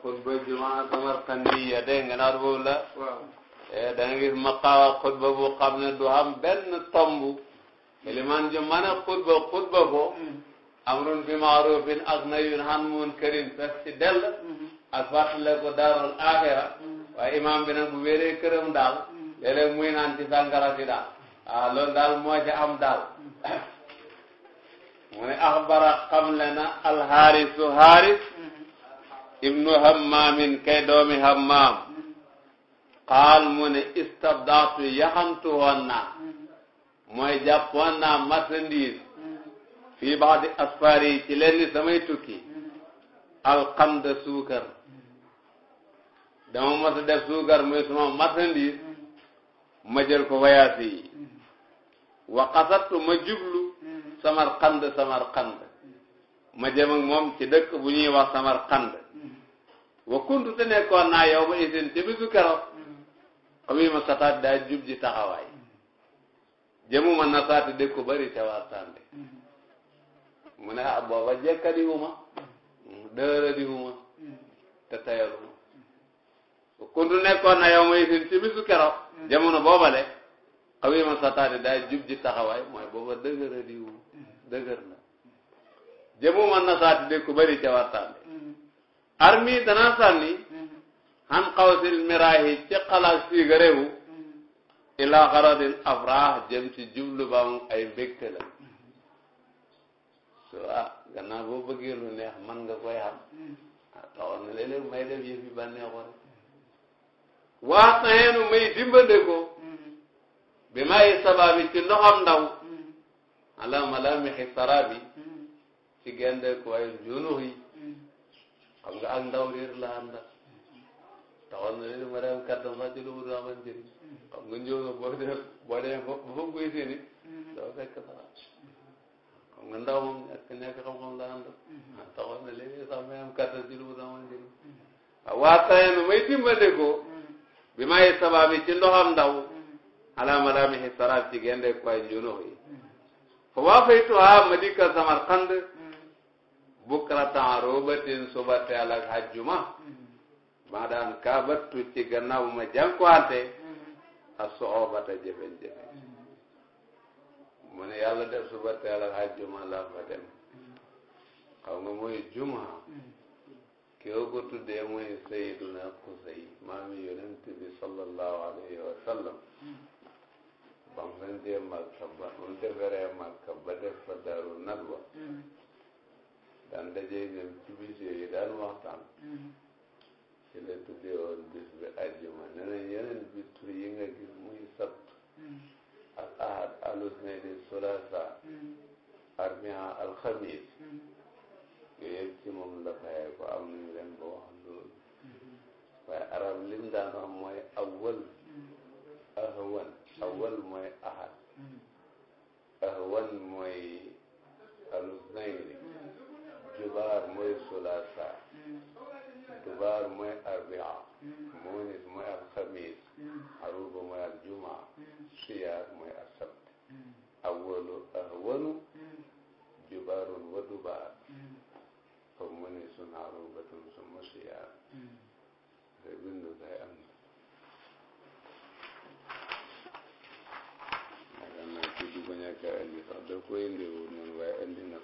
xutba jumaa samarqandiya dégg la eh, da bu xam ne am daal léeg mm-hmm. axbara xam le na alxaarisu xaaris ibnu hammaamin kay doomi hammaam qaal mu ne istabdaatu yaxantu woon naa mooy jàpp woon naa marchandise fii baadi asfaar yi ci lenn samay tukki alqamda suukar dama mas a def suukar muy sama marchandise ma jël ko wayaasi yi wa qasattu ma jublu samarqand samarqand ma jëm ak moom ci dëkk bu ñuy wax samarqand wa te nekkoon naa yow ma isin te bisu keroog xamuy mm. ma sataat daa jub ji taxawaay mm. jëmuma nasaati dégg ko bari ca waxtaande mm. mu ne ah booba jekkadiwuma dërëdiwuma te tayaluma wa kuntu nekkoon naa yow ma isin te bisu keroog jamono boobale xamuy ma sataati daa jub ji taxawaay mooy booba dëgërëdiwuma dëgër la jëmuma nasaati dégg bari ca armi danaa sànni han mm-hmm. xawsil miraahi ci xalaat fii ga réewu mm-hmm. ilaa xaradin jublu ba ay mbégte la so mm-hmm. ah boo bëggee lu neex man nga koy xam ah may def yëf yi ba neexoon waa saxeenu may dimbale bi may sababi ci ndoxam ndaw ala malaamixi sarabi ci gendeekuwaayu njuunux yi xam nga ak ndaw réer la àndal taxoon na ni ma dem kàttan sax ci lu mu amal njëriñ xam nga ñëw na boo dee boo dee ba ba foog koy séenit doo fekk dara xam nga ndaw moom i ñàkk xam-xam la àndal na léegi sax ma am kàttan ci lu mu amal njëriñ waa tawee nu may dimbale ko bi may sabab yi ci ndoxam ndaw alaama daa mi ci ci gende ko ay njuno yi fa waa fay tuhaa ma dikkal Samarqand bukratan robatin suba teel ak hajjuma maadaan kaabattu ci gannaaw ma jànkuwante a soobata jëfen-jëfe mu ne yàlla def suba teel ak hajjuma laa fa dem xam nga mooy juma kéw ko tuddee mooy sayyiduna Qusay maami yonent bi sallallahu alayhi wa sallam bam leen dee Makka ba mu def fa Daaru Nadwa daan dajeeg ñoom ci bis yooyu daan waxtaan mm-hmm. ci la tuddee woon bis bi ajjuma nee nañ yeneen bi tur yi nga gis muy sabt mm-hmm. al ahad al usnayni sulasa mm-hmm. armia al xamis yooyu ci moom la fayee ko am nañu leen wax loolu waaye arab lim daan wax mooy awwal awwal mooy ahad ahwan mooy al usnayni jubaar mooy sulaasa dubaar mm. mooy arbia munis mm. mooy alxamis mm. aruba mooy aljuma siyaar mooy asabt awalu ahwanu jubaarun wa dubaar fa munisun arubatun summa siyaar te bindu day am na naka nag ci dugg ñàkk a indi sax da ko indi woon noonu waaye indi na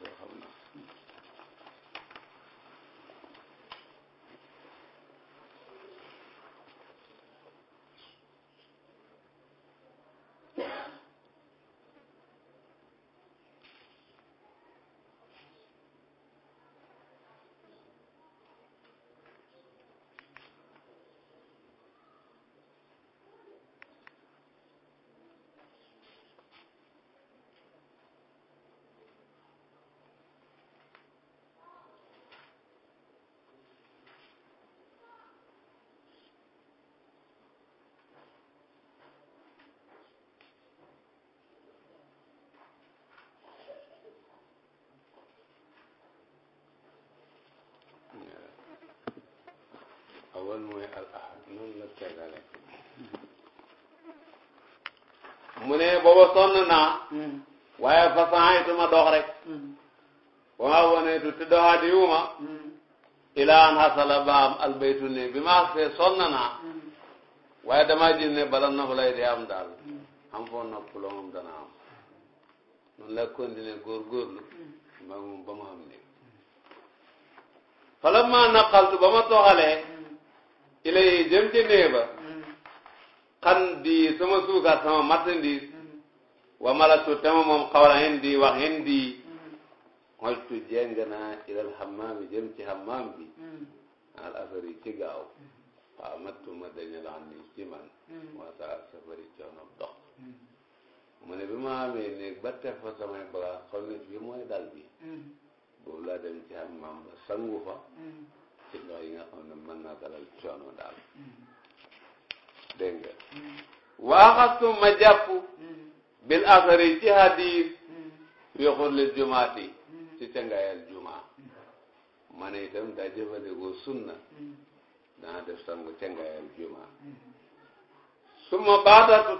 awal mooy al ahad noonu la teggale mu ne booba sonn waaye façon yi tuma dox rek ba ma woneetu te doxaati wuma ilaa an xasala ba am albaytu ne bi ma xasee sonn waaye dama gis ne bala noppalay di am daal am foo nopp loo moom la continuer góorgóorlu ma moom ba ma am ne falamma ba ma toxalee ilay jëm ci néeg ba di sama suukar sama marchandise wa malatu tema moom xawla hindi wax hindi xoltu jeng naa ilal hammam jëm ci hammam bi al afari ci gaaw waaw mattuma dañal an ni ci man moo safari coono dox mu ne bi ma amee néeg ba teg fa samay bagaas xam ne fii mooy dal bi boobu laa dem ci hammam ba sangu ci ne mën naa dalal coono daal dégg mm. nga mm. waaxastu ma jàpp mm. bil asari ci hadis wéexul li jumaati ci càngaayal jumaa ma ne itam daa jëfandikoo sunna dana def sangu càngaayal jumaa su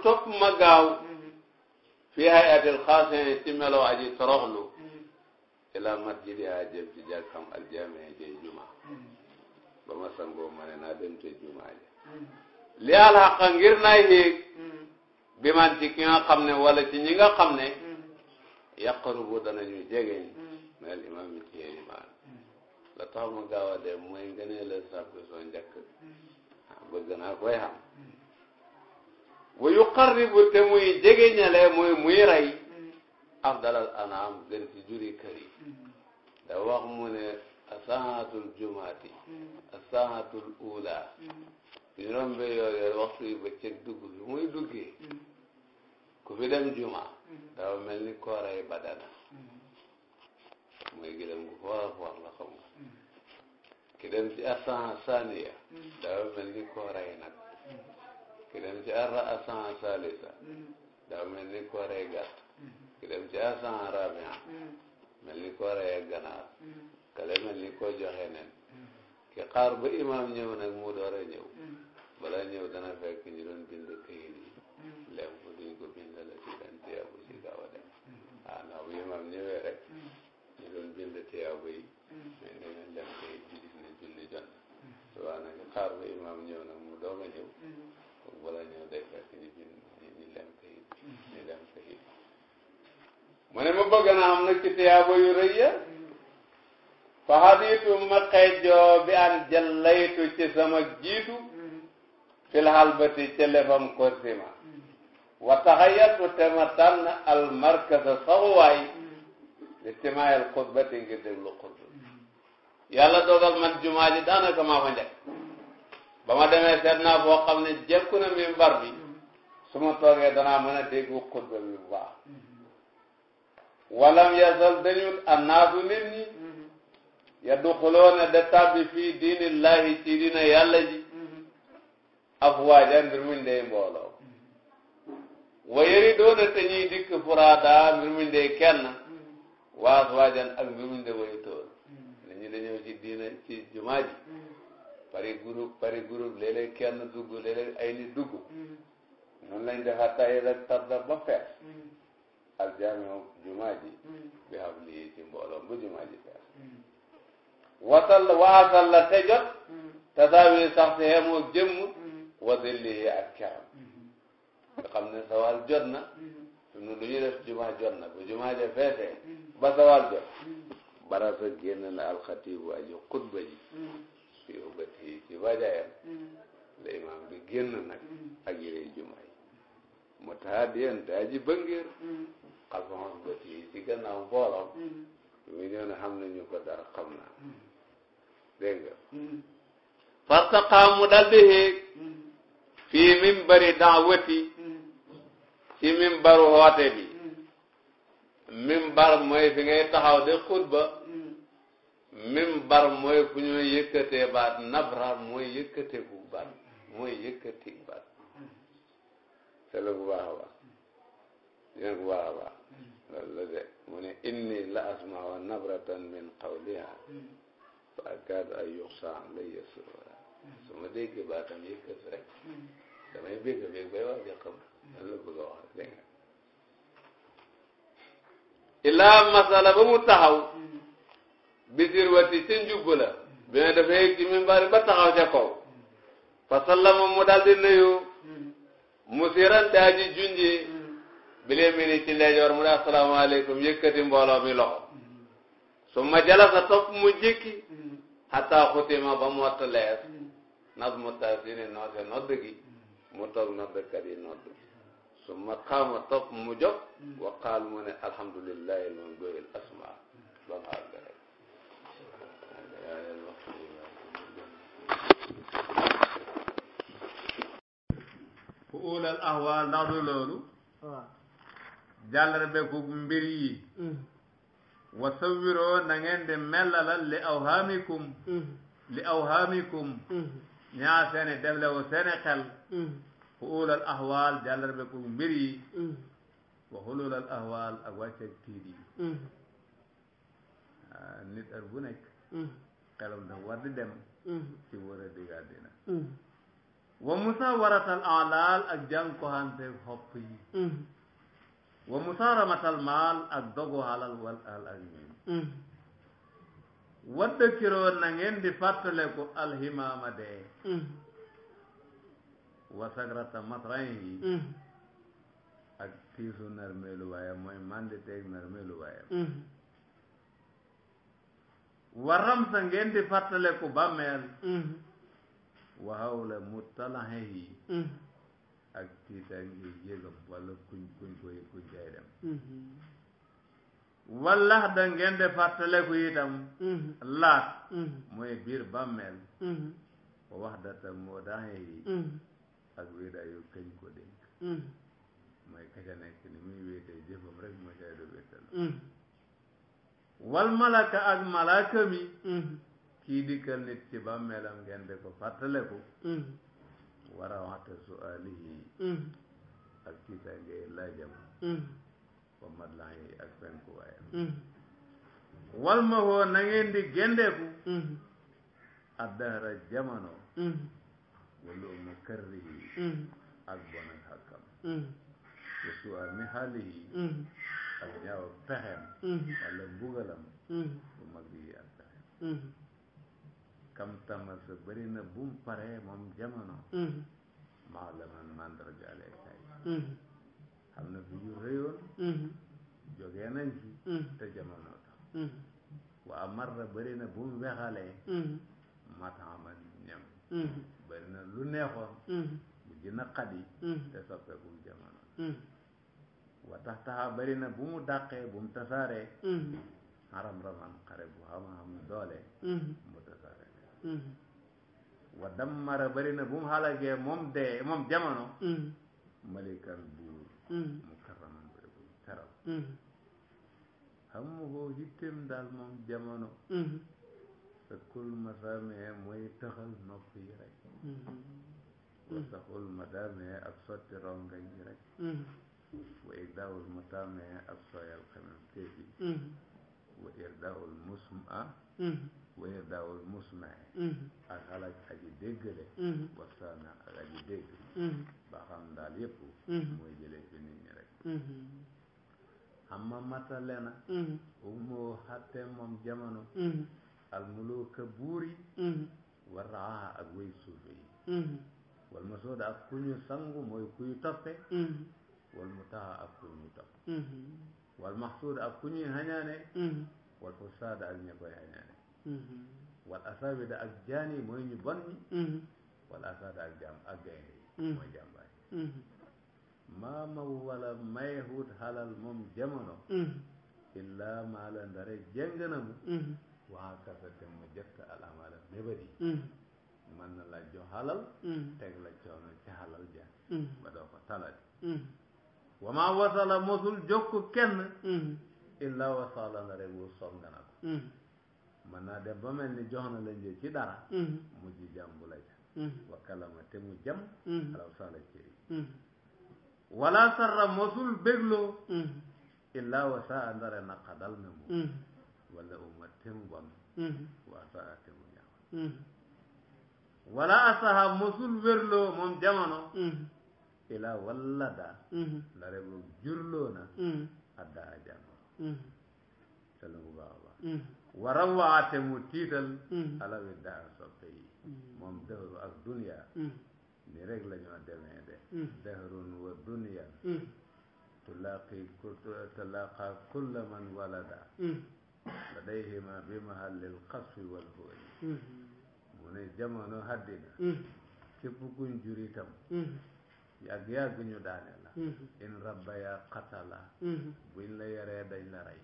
topp ma gaaw fi hayatil xaasin ci melo aji toroxlu ila masjidiha jëm ci jàkkam aljamee jay jumaa ba ma sangoo ma ne naa dem te jumaa ji mm. li alxaqa ngir naa yéeg mm. bi man ci ki nga ne wala ci ñi nga xam ne mm. yaqarubu danañu jegeñ mel imaam yi ci yéen imaam la tax ma gaaw dem mooy nga la sàkku soo njëkk ah, bëgg naa koy xam wa yuqarribu te muy jegeñale mooy muy rey afdalal anaam gën ci juri kër da wax mu ne asaatul jumaati hmm. asaatul ula ñu hmm. rombe yooyu waxtu yu bëccëg dugg bi muy duggee hmm. ku fi dem juma dafa mel ni kooray badana mooy gëlëm gu foor foor la xam ki dem ci asan saniya dafa mel ni kooray nag ki dem ci arra asan salisa dafa mel ni kooray gàtt ki dem ci asan rabia mel ni kooray ganaar kale mel ni koo joxe nen ki xaar ba imaam ñëw nag mu doora ñëw bala ñëw dana fekk ñu doon bind këyit lem ko duñ ko bindala ci benn tiyaabu ci gaaw dem ah ndax bu imaam rek ñu doon bind tiyaabu yi mais lem këyit bi gis ne julli jot subaa ba imaam ñëw nag mu doog a ñëw kooku bala ñëw day fekk ñu lem këyit mu ne ma bëgg naa am ci tiyaabu yu fahaditu ma xeejoo bi an jallaytu ci sama jiitu fil halbati ci lefam korsima wa taxayatu te ma tànn al markasa saxuwaay li timaayal xutbati ngir déglu xutba yàlla dogal man jumaa ji daanaka maa fa njëkk ba ma demee seet naa boo xam ne jekku na mimbar bi su ma toogee danaa mën a déglu xutba bi bu baax walam yasal dañu annaasu nit ñi yadduxuloona da tàbbi fii diinillahi ci diina yàlla ji afwaajan mbir muñ dey mbooloo wa yëri doona te ñuy dikk furaada mbir muñ dey kenn waa afwaajan ak mbir muñ dey way tool nit ñi dañëw ci diina ci jumaa pari groupe pari groupe léeg-léeg kenn dugg léeg-léeg ay nit dugg noonu lañ def hatta yi rek tarda ba fees aljaami jumaa ji bi xam lii ci mbooloo bu jumaa ji wasal waasal te jot mm-hmm. tasaawi sax si hemoo jëmm mm-hmm. wasillihi ak keram mm-hmm. nga xam ne sawal jot na sunu lu ñu def jumaa jot na bu jumaa ja feetee ba sawal jot barasa génn la alxatibu aji xutba ji fi ubat yi ci bajaayam la imaam bi génn nag ak yërey jumaa yi mu taa diyen daa ji bëngéer xalfa ubat yi ci gannaaw mbooloom mi ñëw ne xam nañu ko dara xam naa dégg nga mm-hmm. fastaqaa mu dal di xéeg mm-hmm. fii mimbari daawati mm-hmm. ci mimbaru xoote bi mimbar mooy fi ngay taxaw de xutba mimbar mooy fu ñuy yëkkatee baat nabra mooy yëkkate bu baat mooy yëkkati baat selo bu baax a baax dén bu baax de mu ne inni la asmaa nabratan min qawliha akaadu an yuqsa alayya surura su ma dégg baatam yëkkat rek damay bégg bég bay wax jëqam masala ba mu taxaw bisir wati ca njubb la bi ne dafa yëg ci minbar ba taxaw ca kaw fa sallama mu daal di nuyu musiran daa ji junji bilee mi ni ci leejoor mu ne asalaamaaleykum yëkkati mbooloo mi loxo su ma jalasa topp mu jékki xataa mm. xutima ba mu watt lees mm. nas mu taasini noose nodd gi mm. mu toog noddkat yi nodd su ma xaama topp mu jóg wa qaal mu ne alhamdulillahi man goyil asma ba mu àgg rek fu ulal ahwaal ndax du loolu jàllale beeku mbir yi wa sawiroo na ngeen di mellalal li awhaamikum mm-hmm. li awhaamikum ñaa mm-hmm. seeni deflewu seeni xel xuulal mm-hmm. ahwaal jàllar be pour mbir yi wa xululal ahwaal ak wàcceeg tiit yi nit ar bu nekk xelam da war di dem ci war a digg àddina wa musawaratal alaal ak jànkoxante xopp yi wa musaaramatal maal ak dogu halal wal al azim mm. wadda kiroo na ngeen di fàttaleku alhimaama dee mm. wa sagrata matrain yi mm. ak tiisu narmeelu waayam mooy mandi teeg narmeelu waayam wa ramsa ngeen di fàttaleku bàmmeel wa hawla muttalahe yi ak tiit ak yéeg yéegam wala kuñ kuñ koy kuñ koy dem mm-hmm. wallax da ngeen de fàttaleku itam mm-hmm. laat mm-hmm. mooy biir bàmmeel wa wax data moo daxee yi ak wéedaayu kañ ko dénk mooy kaca nekk ni muy wéetee jëfam rek moo cay du wéetal wal malaka ak malaaka mi kii dikkal nit ci bàmmeelam ngeen de ko fàttaleku wara waxte suaalihi mm. ak tiitaange laajam mm. wa madlan yi mm. wal ma hoo na ngeen di gendeeku addahra jamono wala karrihi ak bon ak xakkam wa suaa mihaalihi ak ñaaw pexem wala mbugalam bu mag yi ak pexem kam tamal sa na bu mu paree moom jamono mm-hmm. maa la man mandargaale kay xam mm-hmm. na fi yu rëyoon mm-hmm. jógee nañ ci te jamono tax waa marra bëri na bu mu wexalee mataaman ñam bëri na lu neexoon mu gën a xadi te soppeekul jamono wa tax taxa bëri bu mu dàqee bu mu tasaaree haram raman xare bu xam-xam doole wa dammara bari na bu mu halagee moom dee moom jamono malikan buur mukarraman bari bu mu teral hammuhu yittem daal moom jamono sakkul masaamee mooy taxal nopp yi rek wa saxul madaamee ak sotti rongañ yi rek wa irdaawul mataamee ak sooyal xemem teef yi wa irdaawul musma waye daaw musmee ak xalaaj aji déggale wasaana ak aji dégg ba xam daal yépp mooy jële ci nit ñi rek amma matale na umoo xatte moom jamono almuluka buur yi waraaha ak way suufe yi wal masooda ak ku sangu mooy kuy toppe mm-hmm. wal mutaha ak ku ñuy mm-hmm. wal maxsuuda ak ku ñuy mm-hmm. wal fusaada ak ña koy xañaane Mm-hmm. wal asaabi da ak jaan mooy ñu bon ñi mm-hmm. wal asaada ak jaam ak mm-hmm. mooy jàmbaar yi maama may hut halal moom jamono illaa maa la ndare mu waa kasa te mu alamaala mébét yi na la halal teg la ci halal ja ba doo ko wa maa wasala mosul jokku kenn illaa wasala ndare wur som mën naa dem ba mel ni jox na la njëg ci dara mujj jàmbu la ca wa kalama te jam mm-hmm. alaw mm-hmm. sarra mosul bégloo mm-hmm. illa wa saa ndare na moom wala uma te mu bon waa saa te mu ñaaw wala asaha mosul wérloo moom jamono ila walla da ndare bu jurloo na a jàngoro te lu mu baax a baax waram waxaate mu tiital mm. alawi daar soppe yi mm. moom dëhru ak duniya mm. ni rek la ñoo demee de dëhrun wa duniya tulaaqi tulaaqa kulla man walada ladayhima bi mahallil xasfi wal booli mu ne jamono haddina képp kuñ jur itam yàgg ñu daane la in rabba qatala buñ la yaree dañ la rey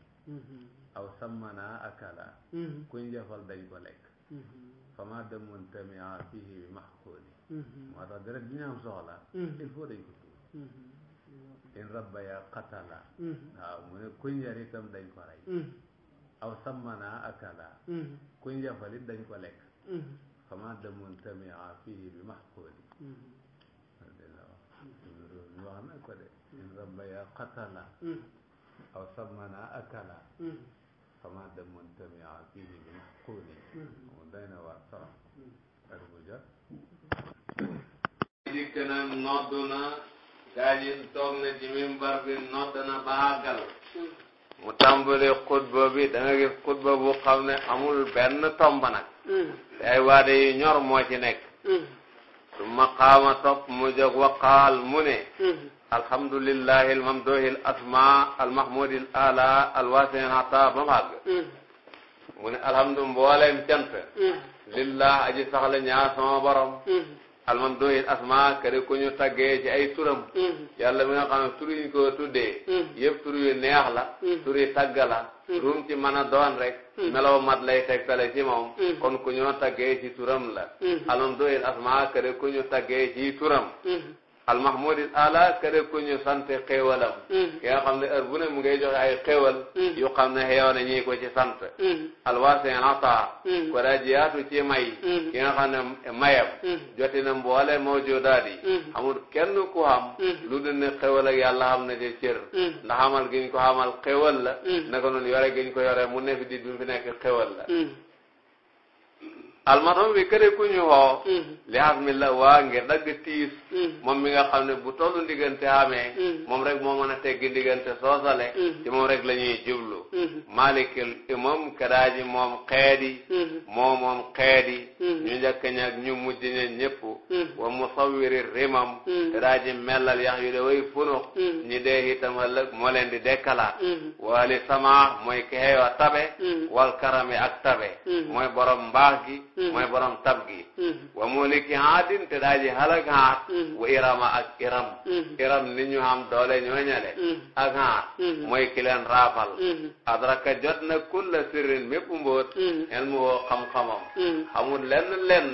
aw sammanaa akala mm-hmm. kuñ jëfal dañ ko lekk mm-hmm. fama demoon tamia fihi bi maxkooli mm-hmm. moo tax deret bi ñu am soxla il faut dañ ko tuur in rabba ya qatala waaw mu ne kuñ yar itam dañ ko rey aw sammanaa akala kuñ jëfal it dañ ko lekk fama demoon tamia fihi bi maxkooli ñu wax na ko de in rabba ya qatala aw sammanaa akala xamante muntami fii nii bi xuuni mu day na waar sax ak bu jot dikk nag nodd na gaajin na ci mimbar bi nodd na ba àggal mu tàmbali xutba bi da nga gis xutba bu xam ne amul benn tomb nag te mm. ay waade ñor moo ci nekk mm. su ma xaama topp mu jóg waqaal mu ne mm. alhamdulillahi almamduhi al asma almahmudi al ala alwasini al ata ba mu àgg mm. alhamdu mbooleem cant mm. lillah aji saxla ñaar borom mm. almamduhi al asma ku ñu taggee ci ay turam yàlla mi nga xam ne ko tuddee yëpp tur yu neex la tur yi tagg la rum ci mën a doon rek melaw mat lay tegtale ci moom kon ku ñu taggee ci turam la almamduhi al asma ku ñu taggee ci turam almahmudi ala kada ku ñu sant xéewalam mm. ki nga xam ne heure bu mu ngay joxe ay xéewal mm. yu xam ne xéew na ko ci sant mm. alwasin ata ko daa jiyaatu ci may ki nga xam ne mayam joti na mboole mawjudaat yi amul kenn ku xam lu dul ne xéewal ak yàlla xam na ci cër ndax xamal giñ ko xamal xéewal la naka noonu yore giñ ko yore mu nekk di bi mu fi nekk xéewal la almatom bi këre ku ñu xoo mm-hmm. li azmi waa ngir dagg tiis mm-hmm. moom mi nga xam ne bu tollu ndiggante amee mm-hmm. moom rek moo mën a teggi ndiggante soosale ci moom rek la ñuy jublu malikil imam kadaaji moom xeedi moo moom xeedi ñu njëkk ña ak ñu mujj ña ñëpp wa musawwiri rimam kadaaji melal yax yu de way funux ñi dee itam ëllëg moo leen di dekkalaat wali sama mooy kexe tabe wal karami ak tabe mooy borom mbaax gi mooy borom tab gi wa muliki aadin te daaji halak haat wa irama ak iram iram ni ñu am doole ñooñale ak haat mooy ki leen raafal adraka jot na kulla sirrin mépp mbóot elmu woo xam-xamam xamul lenn lenn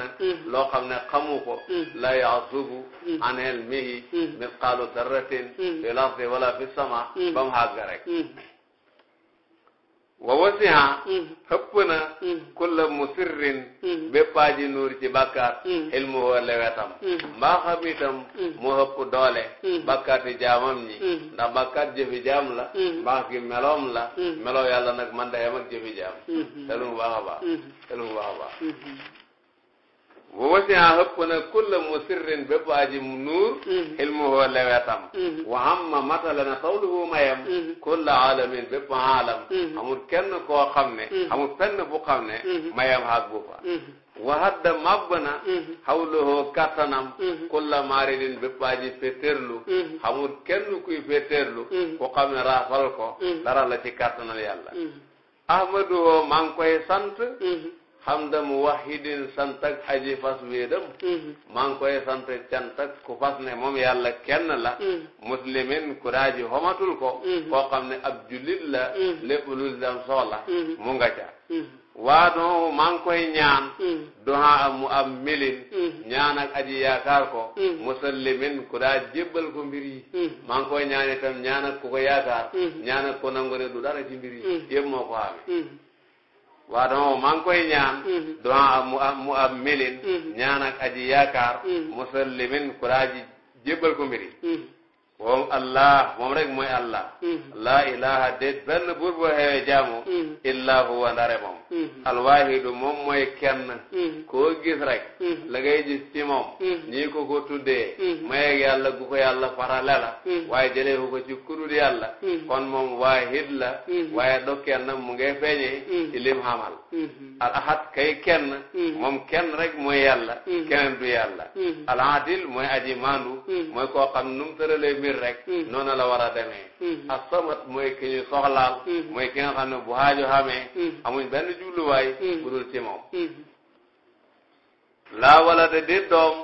loo xam ne xamu ko la yaasubu an ilmihi misqaalu darratin fil ardi wala fi sama ba mu wa wasiha xëpp na kulla musirrin aji nuur ci bàkkaar ilmuhu lewetam mbaa xam mu xëpp doole bàkkaati jaamam ñi ndax bàkkaat jëfi jaam la mbaax gi meloom la meloo yàlla nag man dayam ak jëfi jaam te lu mu wa wasi'a hëpp na kulla musirrin bépp aji mu nuur ilmuhu lewetam wa amma matala na tawluhu mayam kulla alamin bépp alam amul kenn koo xam ne amul fenn bu xam ne mayam xaggu fa wa hadda màbb na xawluhu kattanam kulla maaridin bépp aji féeteerlu amul kenn kuy féeteerlu ku xam ne raafal ko dara ci kattanal yàlla ahmaduhu maa ngi koy sant hamda muwahhidin sant ak aji fas wéedam mm-hmm. maa ngi koy sant cant ak ku fas ne moom yàlla kenn la mm-hmm. muslimin ku daaji xomatul ko mm-hmm. koo xam ne ab julit la lépp lu islam soxla mu nga ca waa don maa ngi koy ñaan doha am mu am milin ñaan ak aji yaakaar ko musallimin ku daa jébbal ko mbir yi maa ngi koy ñaan itam ñaan ak ku ko yaakaar ñaan ak ko nangu ne du dara ci mbir yi yëpp moo ko xamee waa dama maa ngi koy ñaan mm-hmm. do mu am mu am milin mm-hmm. ñaan ak aji yaakaar mm-hmm. musallimin kuraaji jébbal ko mbiri moom allah moom rek mooy allah hmm. laa ilaha déet benn buur boo xewee jaamu hmm. illa huwa ndare moom hmm. alwahidu moom mooy kenn koo gis rek la ngay gis moom ñii ko ko tuddee mayeeg yàlla gu ko yàlla farale la waaye jëlee ko ci kudul yàlla kon moom waahid la waaye do kenn mu ngay feeñee ci lim xamal al ahad kay kenn moom kenn rek mooy yàlla keneen du yàlla al adil mooy aji maandu mooy koo xam num tëralee mbir rek hmm. noonu la war a demee hmm. asamat mooy ki ñu soxlaal hmm. mooy ki nga xam bu haajo a amuñ benn jubluwaay bu dul ci moom laa wala de doom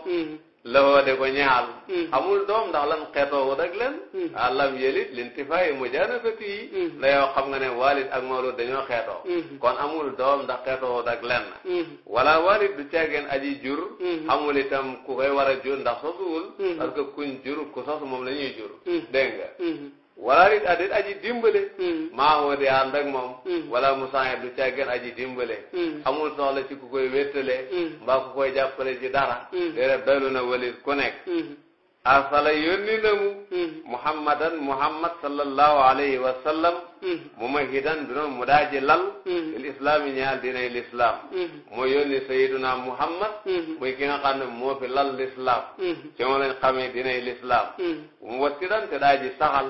lëxoo de ko ñaal hmm. amul doom ndax lan xeetoowu rek leen hmm. àllam yelit lintifaay mujaanabati yi hmm. nda yow xam nga ne walid ak mawlud dañoo xeetoo kon amul doom ndax xeetoowu rek leen wala walid du caageen aji jur amul itam ku koy war a jur ndax sosuwul parce que kuñ jur ku sos moom la ñuy jur dégg wala nit a dit aji dimbale hmm. maa moo di ànd moom hmm. wala mu sànge du càggeen aji dimbale hmm. amul soxla ci ku koy mbaa ku koy jàppale ci dara déedéet doylu na walit ku nekk arsala yónni na mu hmm. muhammadan muhammad sallallahu alayhi wa sallam hmm. mumahidan du noon mu daaji lal hmm. il islaami ñaal dinay lislaam moo yónni sayiduna muhammad muy ki nga xam ne moo fi lal lislaam ci moom lañ xamee dinay lislaam mu wassidan te daaji saxal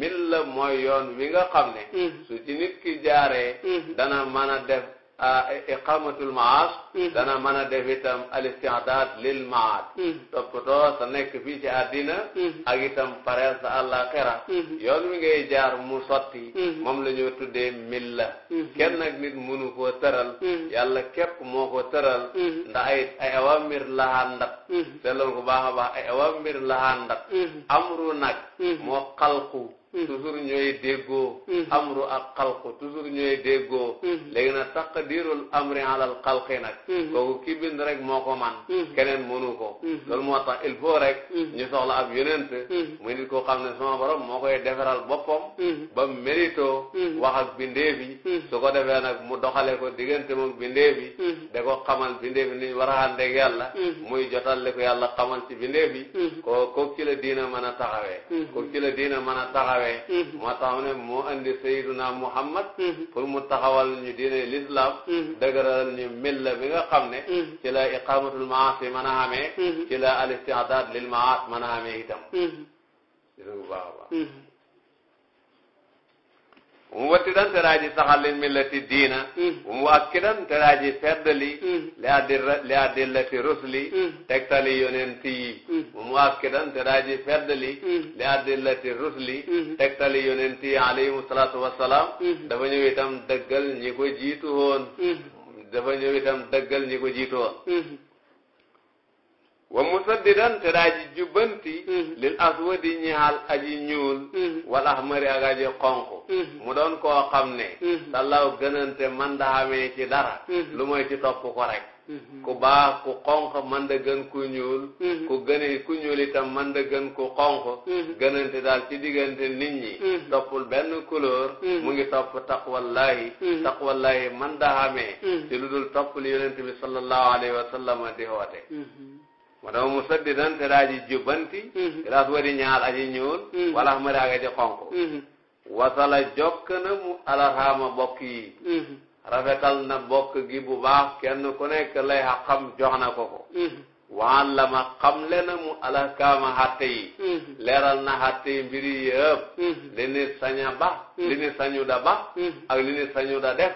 milla mooy yoon wi nga xam ne ki jaaree dana mën a def iqamatul maas dana mën a def itam al istiadaad lil maad toppatoo sa nekk fii ci àddina ak itam pareel sa àllaaxira yoon wi ngay jaar mu sotti moom la ñoo tuddee milla kenn nag nit mënu koo tëral yàlla képp moo ko tëral ndax ay ay awamir lahaa ndat te loolu ko baax a baax ay awamir lahaa ndat amru nag moo xalqu Mm-hmm. toujours ñooy déggoo mm-hmm. amru ak xalqu toujours ñooy déggoo mm-hmm. léegi nag taqdirul amri alal xalqi nag ko ki rek moo ko man keneen mënu ko loolu moo tax il faut rek ñu soxla ab yonent muy nit koo xam ne sama borom moo koy defaral boppam ba mu mérito wax ak bindéef yi su ko defee nag mu doxale ko diggante moom bindéef yi da ko xamal bindéef ni war a ànd ak yàlla muy jotalle ko yàlla xamal ci bindéef yi ko kook diina mën a taxawee taxawee mm-hmm. moo tax mu ne moo andi sayyiduna muhammad mm-hmm. pour mu taxawal ñu diine l'islam mm-hmm. dëgëral ñu milla bi nga xam ne ci la iqamatul maasi mën a amee ci la al istiadad lil maas mën a amee itam mu watidan te daa ji saxal li millati diina. Hmm. mu akkidan te daa ji feddali. li addi hmm. li adillati rusli. Hmm. tegtali yonent yi. mu akkidan te daa ji feddali. li adillati rusli. tegtali yonent yi alayhimu salaatu wa salaam. dafa ñëw itam dëggal ñi ko jiitu woon. dafa ñëw itam dëggal ñi ko jiitu woon. wa musaddidan te daa ji jubbanti mm-hmm. lil aswadi ñaal aji ñuul mm-hmm. wala ahmari ak aji xonq mm-hmm. mu doon ko xam ne salaw gënante man da xamee ci dara lu mooy ci topp ko rek ku baax ku xonq man da gën ku ñuul ku gëne ku ñuul itam man da gën ku xonq gënante daal ci diggante nit ñi toppul benn couleur mu ngi topp taqwallahi taqwallahi man da xamee ci lu dul topp li yonent bi sallallahu alayhi wa di woote ma dama musaddidan te daa ji jubbanti ilaas mm-hmm. wari ñaal aji ñuul mm-hmm. wala xam daa nga ji xonq mm-hmm. wasala jokk na mu alaxaama bokk rafetal na bokk gi bu baax kenn ku nekk lay xam jox na ko ko waan la ma xam na mu alakaama xatte yi mm-hmm. leeral na xatte yi mbiri yëpp mm-hmm. li nit saña ba mm-hmm. li nit sañu da ba ak li nit sañu da def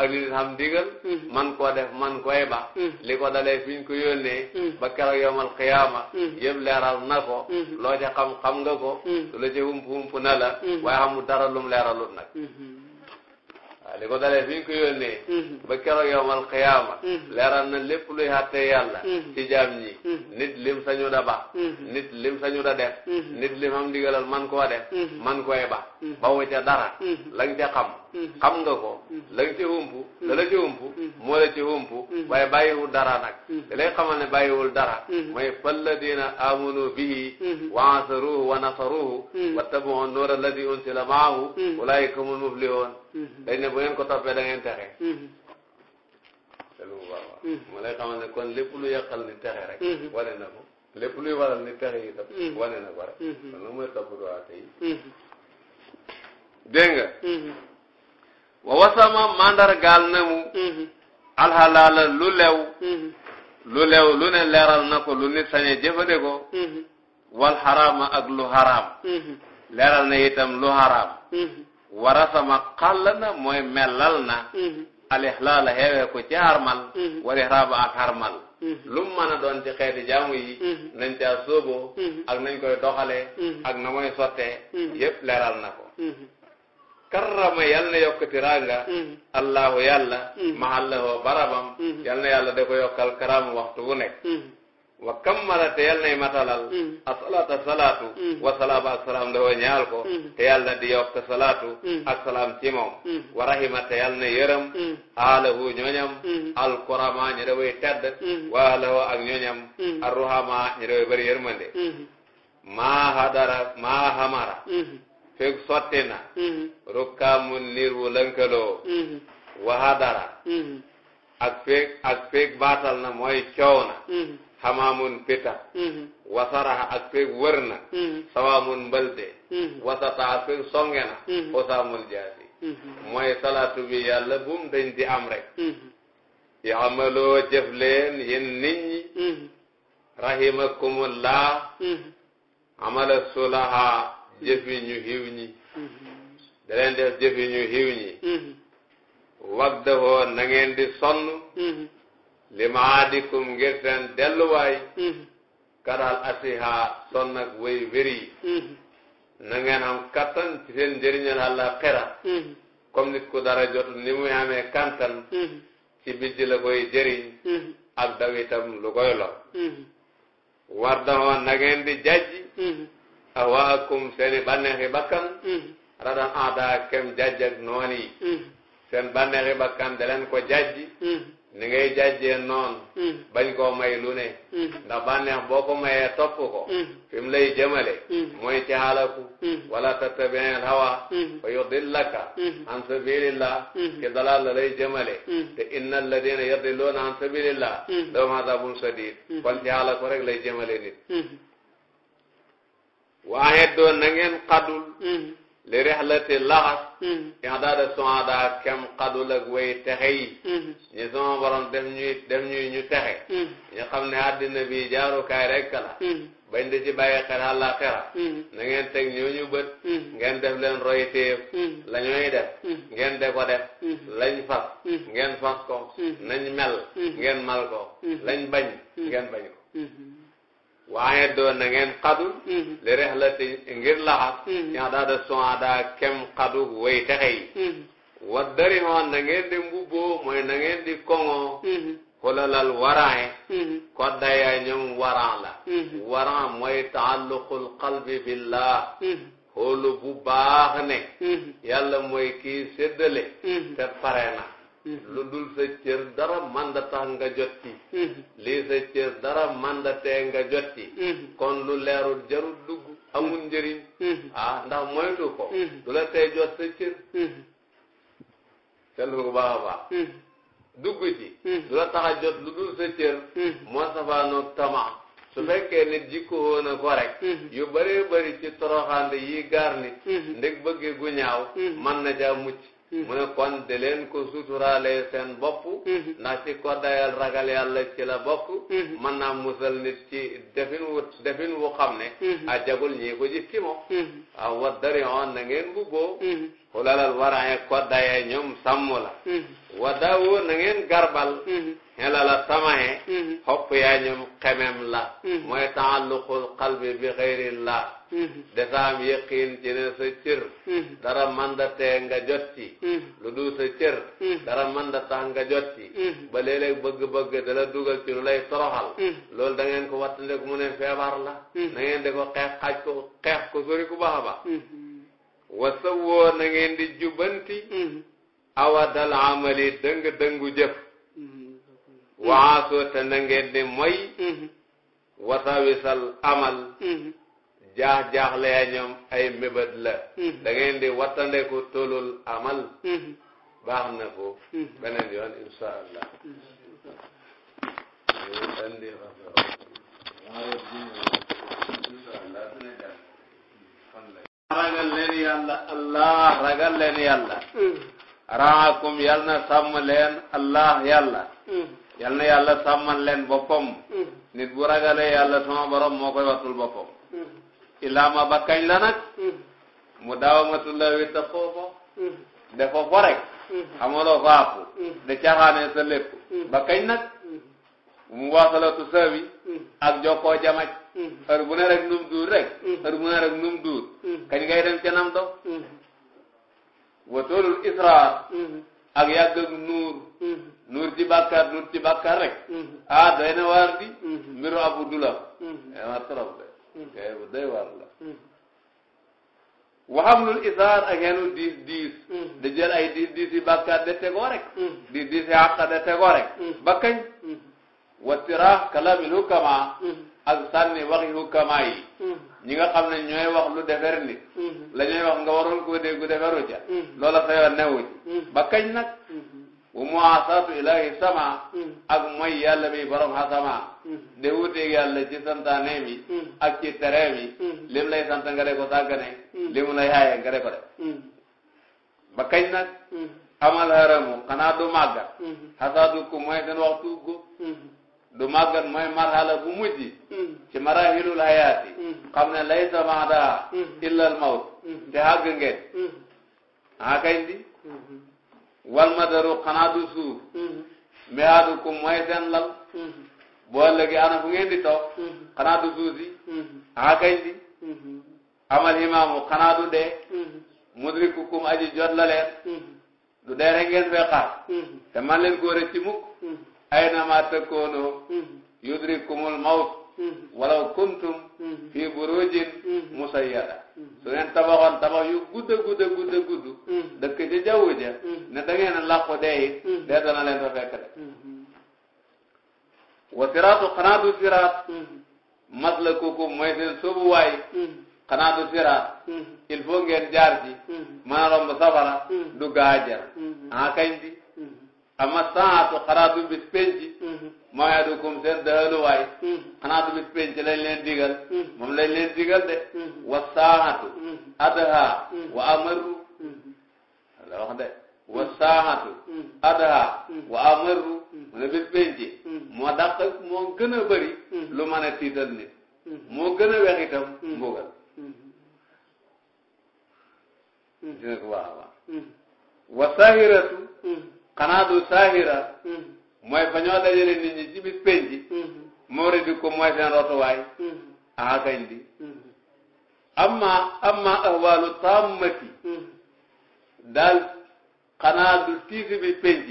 ak li nit xam ndigal man koo def man koy ba li ko dalee fi ñu ko yónnee ba keroog yawmal qiyaama yëpp leeral na ko loo ca xam xam nga ko lu la hump hump na la waaye xamul dara lum leeralul nag li ko dalee fi ñu ko yónnee mhm. ba keroog yowmal qiyaama mhm. leeral na lépp luy xàtte yàlla mhm. ci jam ñi nit lim sañu da ba nit lim sañu da def nit lim am ndigalal man koo def man koy ba xamoo mm-hmm. ca dara. Mm-hmm. la nga ca xam. Mm-hmm. nga ko. la nga ca humpu. la la humpu. moo la ca humpu. waaye bàyyiwul dara nag. da lay xamal ne bàyyiwul dara. mooy falladina amanu bihi. wa ansaruhu wa nasaruhu. wattabahu nuura alladi unsila maahu. ulaayika humul muflihun. dañ ne bu ngeen ko toppee da ngeen texe. te lu baax ma lay xamal ne kon lépp lu yàqal ni texe rek. wane na ko lépp luy waral ni texe yi tam. wane na ko rek. kon nag mooy toppatoo àtte yi. dégg nga mm-hmm. wa wasama mandargaal na mu mm-hmm. alxalaala lu lew mm-hmm. lu lew lu ne leeral na ko lu nit sañe jëfande ko wal ak lu xaraam leeral na itam lu xaraam warasama xàll na mooy melal na al ixlaal xeewee ko ci xarmal wal ixraaba ak xarmal lu mën a doon ci xeeti jaamu yi nañ caa sóoboo ak nañ koy doxalee ak na mooy sottee yépp leeral na ko karrama yal na yokk tiraanga mm. allahu yàlla mm. mahallahu barabam mm. yal na yàlla da ko yokkal waxtu bu wa kammala te yal nay matalal asalata salaatu wa salaam ak salaam dafa ñaal ko te yal na di yokk salaatu ak salaam ci wa rahima te yal na yërëm aalahu ñooñam alkurama ñu da way tedd wa ahlahu ak ñooñam arruhama ñu da way bëri yërmande maa hadara maa hamara fekk sotti na mm-hmm. rukkaamu niir wu lënkaloo mm-hmm. wahadara mm-hmm. ak fekk ak fekk baatal na mooy coow na xamaamun pita wasaraha ak fekk wër na sawaamun mbalde wasata ak fekk songe na osaamul jaasi mooy salaatu bi yàlla bum dañ di am rek yamaloo jëf leen yéen nit ñi rahimakumullah amala sulaha jëf yi ñu xiw ñi mm-hmm. da def jëf yi ñu xiw ñi mm-hmm. wag dafoo na di sonn mm-hmm. li maadikum ngir seen delluwaay kadal asiha sonn ak way wéri na ngeen am kattan ci seen njëriñal àllaaxira comme nit ku dara jotul ni muy amee kantan ci bijj la koy jëriñ ak daw lu koy lo war dafoo na ngeen di jajj hawaakum seeni bànneexi bakkan mm. radan ada kem jajj ak noon yi mm. seen bànneexi bakkan da ko jajji mm. ni ngay jajjee noon bañ koo may lu ne ndax bànneex boo ko mayee topp ko fi mu lay jëmale mooy ci halaku wala tattabi'il hawa fa yudillaka an sabilillah ci dalal la lay jëmale te inna alladina yudilluuna an sabilillah lahum adabun sadid kon ci rek lay jëmale nit waaye doon na ngeen xadul mm-hmm. li rexlati laxas mm-hmm. i'daada suada kem xadul ak way texe yi ñu mm-hmm. sama borom def ñuy def ñuy ñu texe ñu xam ne àddina bi jaarukaay rekk la bañ di ci bàyyi xel àllaaxira na ngeen teg ñooñu bët ngeen def leen royteef la ñooy def ngeen de ko def lañ fas ngeen fas ko nañ mel ngeen mal ko lañ bañ ngeen bañ ko waaye doo na ngeen xadu. Hmm. li rex la te ngir laxas. ñax hmm. daal de daa kem xadu way texe hmm. wa dari xoon na di mbubboo mooy na ngeen di koŋoo. xulalal waraaye. koddaya ñoom waraan la. waraan mooy taalluqul qalbi billah. xoolu bu baax ne. yàlla mooy kii séddale. te pare lu dul sa cër dara manda tax nga jot ci mm-hmm. lii sa cër dara manda nga jot ci mm-hmm. kon lu leerul jarul dugg amul njëriñ mm-hmm. ah ndax moytu ko du la jot sa cër seetlu ko baax a baax dugg ci du tax a jot lu dul sa cër moo safaanoog su fekkee nit jikko woon ko rek yu bëree bëri ci toroxaande yi gaar nit ndeg bëggee gu man na jaa mucc Mm-hmm. mu ne kon de leen ko suturaale seen bopp mm-hmm. ndax ci koddayal ragal yàlla ci la bokk man mm-hmm. na musal nit ci defin wu defin wu xam ne a jagul ñii ko ci timo waaw wa dari na ngeen bubboo xulalal waraye koddayee ñoom sàmm la wa daawoo na ngeen garbal xelala samahe xopp yaa ñoom xemem la mooy taalluqul qalbi bi xeyrillah Mm-hmm. dafa am yëqiin ci ne mm-hmm. dara man da tee nga jot ci mm-hmm. lu dul sa dara man da tax nga jot ci ba léeg bëgg-bëgg dala dugal ci lu lay toroxal loolu da ngeen ko wattandiku mu ne feebar la na ngeen di ko xeex xaaj ko xeex ko sori ku baax a baax wasa woo na ngeen di jubanti awa dal amali dëng-dëngu jëf waasoo te na di moy wasawisal amal jaax jaaxle ya ñoom ay mébét la mhm. da ngeen di wattandeku tolul amal mhm. baax na ko mhm. beneen yoon insha allah ragal leen yàlla allah ragal leen yàlla raakum yal na sàmm leen allah yàlla yal na yàlla sàmmal leen boppam nit bu ragalee yàlla sama borom moo koy wattul boppam illaa ma ba kañ la nag mm-hmm. mu daawamatu la wétta foofo mm-hmm. de foofo rek xamaloo ko àpp de caaxaane sa lépp mm-hmm. ba kañ nag mu waasalatu saawi ak jokkoo jamaj heure bu ne rek num duur rek heure bu ne rek num duur kañ ngay dem ca nam do wa toolul ak yàgg nuur nuur ci bàkkaar nuur ci bàkkaar rek ah doy na waar di mbiru abu dula eh, ma trop Hmm. kay bu doy war la hmm. waxamlul isaar ak xenu diis diis hmm. da jël ay diis diis yi bàkkaat de tegoo rek diis diis yi xàqa de tegoo rek ba kalamil hukama ak sànni waxi hukama yi ñi nga xam ne ñooy wax lu defer nit la ñooy wax nga waroon koo dégg deferu ca loola sa yoon newu ci ba wa muaasatu ilahi sama hmm. ak mooy yàlla mi borom xasama de hmm. wuteeg yàlla ci santaaneem hmm. yi ak ci tereem lim lay sant ko sàggane li mu lay haaye ko de ba kañ nag amal haramu xanaa du màggat xasaadu ku mooy seen waxtu ko du mooy marhala bu mujj ci marahilul hayaati xam ne lay sama daa illal mawt te xàgg ngeen aa wal madaru xanaa du suuf. Mm-hmm. mihaadukum lal. Mm-hmm. boo ëllëgee ana fu di toog. Mm-hmm. xanaa du suuf si. ah kañ imaamu xanaa du mudrikukum aji jot la leen. du dee te man leen ko rëcc mukk. ay na ma tëkkoonoo. yudrikumul Mm-hmm. walaw kuntum mm-hmm. fii burujin mm-hmm. musayyada su ngeen tabaxoon tabax yu gudda gudda gudda gudd dëkk ca jaww ne da ngeen a làqu dee it dana leen fa fekk de wa siraatu xanaa du siraat maslakukum mooy seen sóobuwaay xanaa du siraat il faut jaar ci mën a romb safara du gaajar ah kañ bi ama saatu du bis maw'idukum seen dëxaluwaay hmm. xanaa tamit penc lañ leen digal hmm. moom lañ leen digal de hmm. wa saahatu wa amaru la wax de wa saahatu wa amaru mu ne bis penc moo dàq moo gën a bëri lu mën a tiital nit moo gën a wex itam mbugal saahira mooy fa ñoo dajale nit ñi ci bis penc mawri mm-hmm. di ko mooy seen rotuwaay mm-hmm. aha kañ di mm-hmm. amma amma ahwalu tammati daal xanaa du tiisi bi penc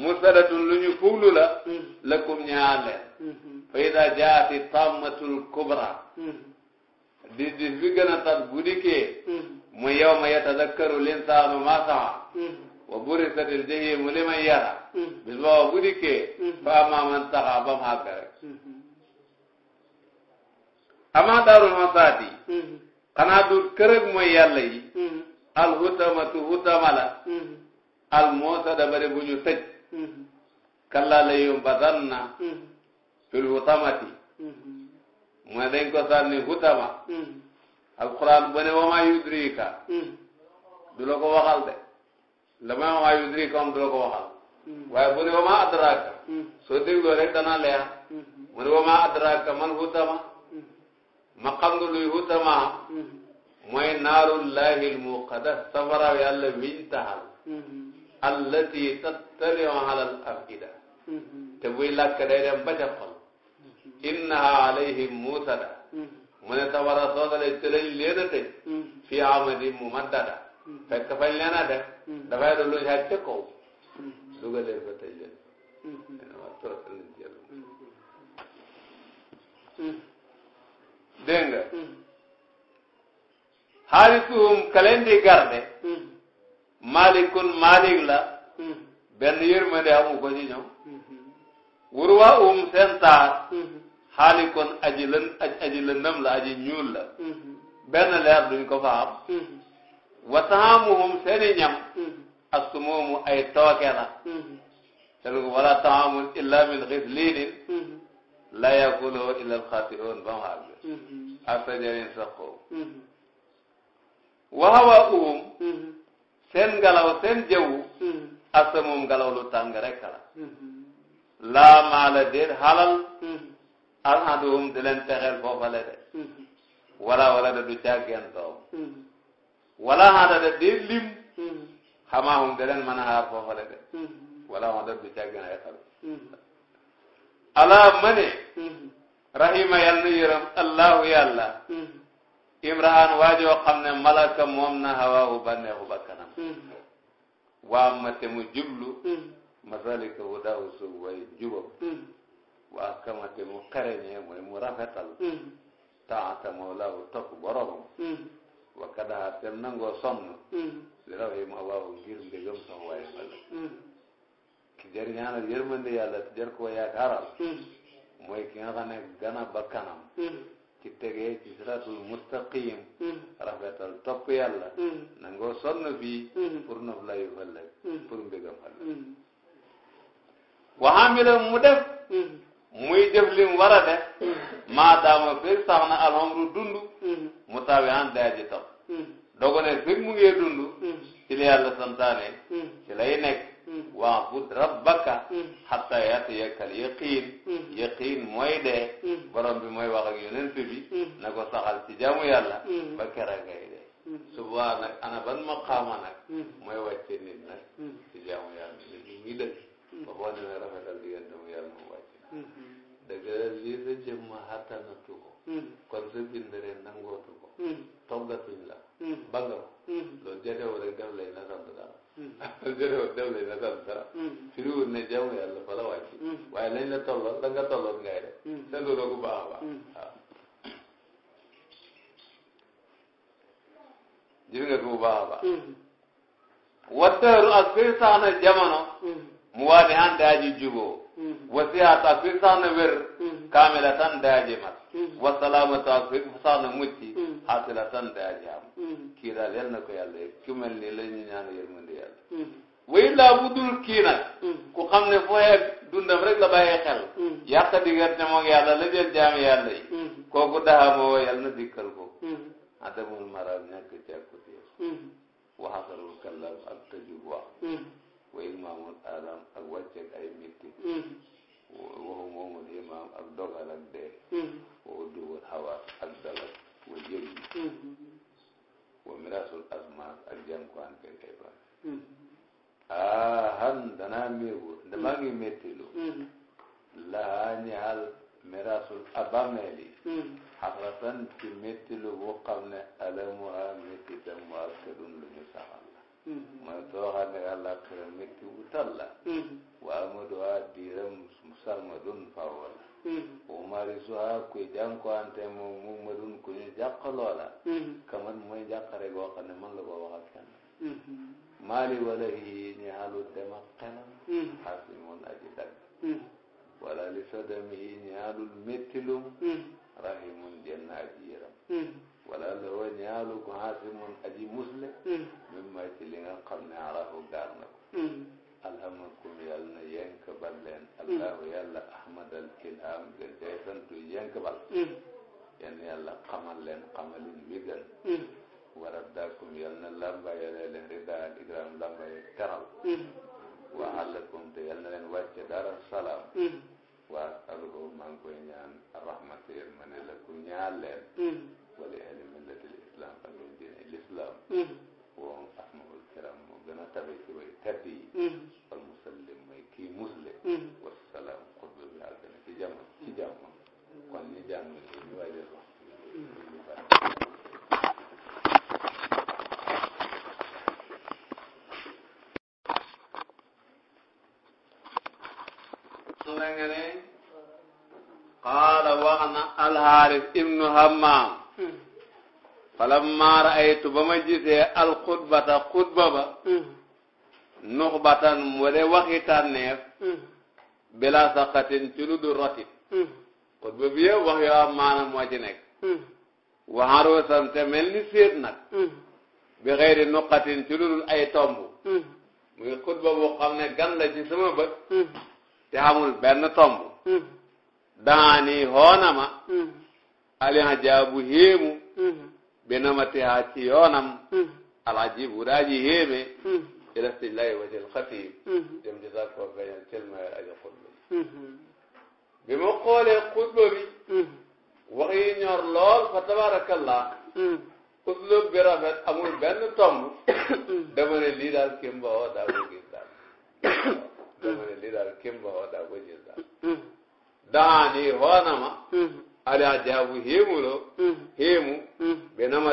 musadatun lu ñu fuglu la lakum ñaa leen fa ida jaati tammatul kubra di dis bi gën a tat bu dikkee mu yow ma yatadakkaru linsaanu ma saxa wa burizatil jahiimu liman yaraa. bis booba bu dikkee. fa ammaa man taxa ba mu amaa daarul masaati. xanaa du kërëg mooy yàlla yi. al hutamatu hutama la. al moosa da bëri bu ñu tëj. kallaa la yumbatanna. fil hutamati. mu ne ko sànni hutama. alquran bu ne wa maa yudrika. du la ko waxal de. la may wax waaye usri comme du la ko hmm. waxal waaye bu ne wa maa adraaka hmm. soo dégloo rek dana leer mu ne wa maa hmm. adraaka man hutama ma xam nga luy hutama mooy naarullahi lmuqadas safaraw yàlla wiñ taxal allati tattaliu ala al afida te buy làkk day dem ba ca xol innaha alayhim muusada mu ne safara soo dalee ci lañ leen a tëj fi amadi mumaddada fekk fañ leen a def dafay doon lu ñu xaaj ca kaw dugaleen ba tey jël di garde maalikun maalik la benn yërmande amu ko ci ñoom wurwaahum seen taar xaalikun aji lën aji lëndëm la aji ñuul la benn leer duñ ko wataamuhum seeni ñam mm-hmm. assumoomu ay tooke la mm-hmm. te lu wala taamun illa min xislinin mm-hmm. la yakuluhu illa alxaatiun ba mu àgg asajarin saqoo waxawa uhum seen ngelaw seen jaww asamoom ngelaw lu tàng rek la laa maa la déet xalal alxanduhum di leen texeel foofale de wala wala da du càggeen doom wala xaata de dee lim. Hmm. xamaahum de leen mën a xaar foofa la de. Hmm. wala xaata du càgg na ay xar. Hmm. ala ma ne. rahima yàlla na yërëm allahu yàlla. imrahan waajoo xam ne malaka moom na hawaahu bànneexu bakkanam. waa ma te mu jublu. masalika hudaahu sub way jubam. waa kama te mu xereñee mooy mu rafetal. taata mawlaahu topp boromam. wakkadaa tem nangoo sonn si raw yi ma waaw ngir mbégam sama waaye fële hmm. ki jar ñaanal yërmande yàlla te jar koo yaakaaral hmm. mooy ki nga xam gana ba kanam hmm. ci tegee ci siratul mustaqim rafetal topp yàlla nangoo sonn fii pour nof layu fële pour mbégam fële waxaamila mu def muy def li mu war a def maadaama sax na alhamdu dund mu tawi an daa ji topp doo ko ne fekk mu ngee dund hmm. ci la yàlla santaane hmm. ci lay nekk hmm. waabud rabbaka xatta yatiyakal yaqiin yaqiin mooy dee borom bi mooy waxak ak yonent bi na ko saxal ci jaamu yàlla ba kera ngay dee subaa nag ana ban maqaama nag mooy wàcce nit nag ci jaamu yàlla nit ñi ngi dëkk ba boo demee rafetal diggante mu yàlla mu wàcc dëgg la sa jëmm xatta nattu ko kon sa bindare nangootu ko bëggatuñ la. ba nga loolu jotewul rek def lay na sant dara. loolu jotewul def lay na sant dara. firiwul ne jaamu yàlla fa la wàcc. waaye lañ la tolloon da nga tolloon ngay def. seen loolu bu baax a baax. waaw. jël nga ko bu baax a baax. wattaaru ak fii sax na jamono. mu waa di ànd aji juboo. wasiyaat ak fii sax na wér. kaamilatan daaji mat. wasalaamatu ak fii sax na mucc. asilatan da jaam hmm. kii daal yal na ko yàlla yëg ku mel nii la ñu ñaan yërmande yàlla hmm. way laa bu dul kii nag hmm. ku xam ne fooyee dundam rek la bàyyi xel yàq diggante moom yàlla la jël jaam yàlla yi kooku daxa moo yàlla na dikkal ko adamul maral ñàkk càkkutéef waxasarul kallam ak tëjub wax way maamul adam ak wàcceg ay métti waxu moomul imaam ak dogal ak dee wawu duwul xawaat ak dalal wa jëm mm-hmm. wa mirasul asmaas ak jàng ko an mm-hmm. aa han danaa méewu mm-hmm. damaa ngi méttilu laa ñaal mirasul abameeli xaxratan ci méttilu bu xam ne alamuha méttitam waa këdun lu ñu saxal la mooy soo xam ne yàlla xira métti bu tal la wa amaduha diiram sarmadun fawwala umari suha kuy jànkuwante moom mu mm-hmm. ma ku ñu jàq loola kaman mm-hmm. mooy jàqare goo xam mm-hmm. ne man la ko waxal kenn maali wala yi ñi xalu dem ak aji dagg wala li sodami yi ñi xalul méttilum rahimun jenn aji yëram wala lowo ñi xalu ko xasimun aji musle mimma ci li nga xam ne arafu gaar na alhamakum yal na yenk bal leen mm. a yàlla ahmadal ilham gën cay santu yenk bal mm. yal na leen xamalin bi gën mm. waraddakum yal a lambayalee leen rida al igram lambaye teral wa alakum te yal na leen wàcce dara salaam wa asaluhu maa ngi koy ñaan rahmata yërmande lakum ñaal leen wali ahli millati l islam ak ngeen diine l islam woom kiram gën a tabe ci way tedd yi mm-hmm. al musallim mooy kii musle mm-hmm. wasalaam xutba bi àgg na ci jàmm ci jàmm kon ñu jàng ni ñu waajal wax la nga ne qaala wax na alxaaris ibnu hammaam falamma raaytu ba ma gisee alxutbata xutba ba mm. nuxbatan mu de waxi tànneef mm. bila saqatin ci lu du rotit mm. xutba bi yëpp wax yoo am maana moo ci nekk te mel ni séet nag bi xëyri nuqatin ci lu dul ay tomb muy xutba bu xam ne gan la ci sama bët te amul benn tomb daani hoonama alihan jaabu héemu binamatiha ci yoonam hmm. alajib i yéeme ila stillahi wajil xatiib jëm ci sax koo feeñal cel mayel aja xutba bi hmm. bi ma xoolee xutba bi hmm. wax ñor lool fa tabarakallah uslub bi rafet amul benn tomb dama ne lii daal kim ba ko gis daal dama daal daani hoonama ala jaabu héemuloo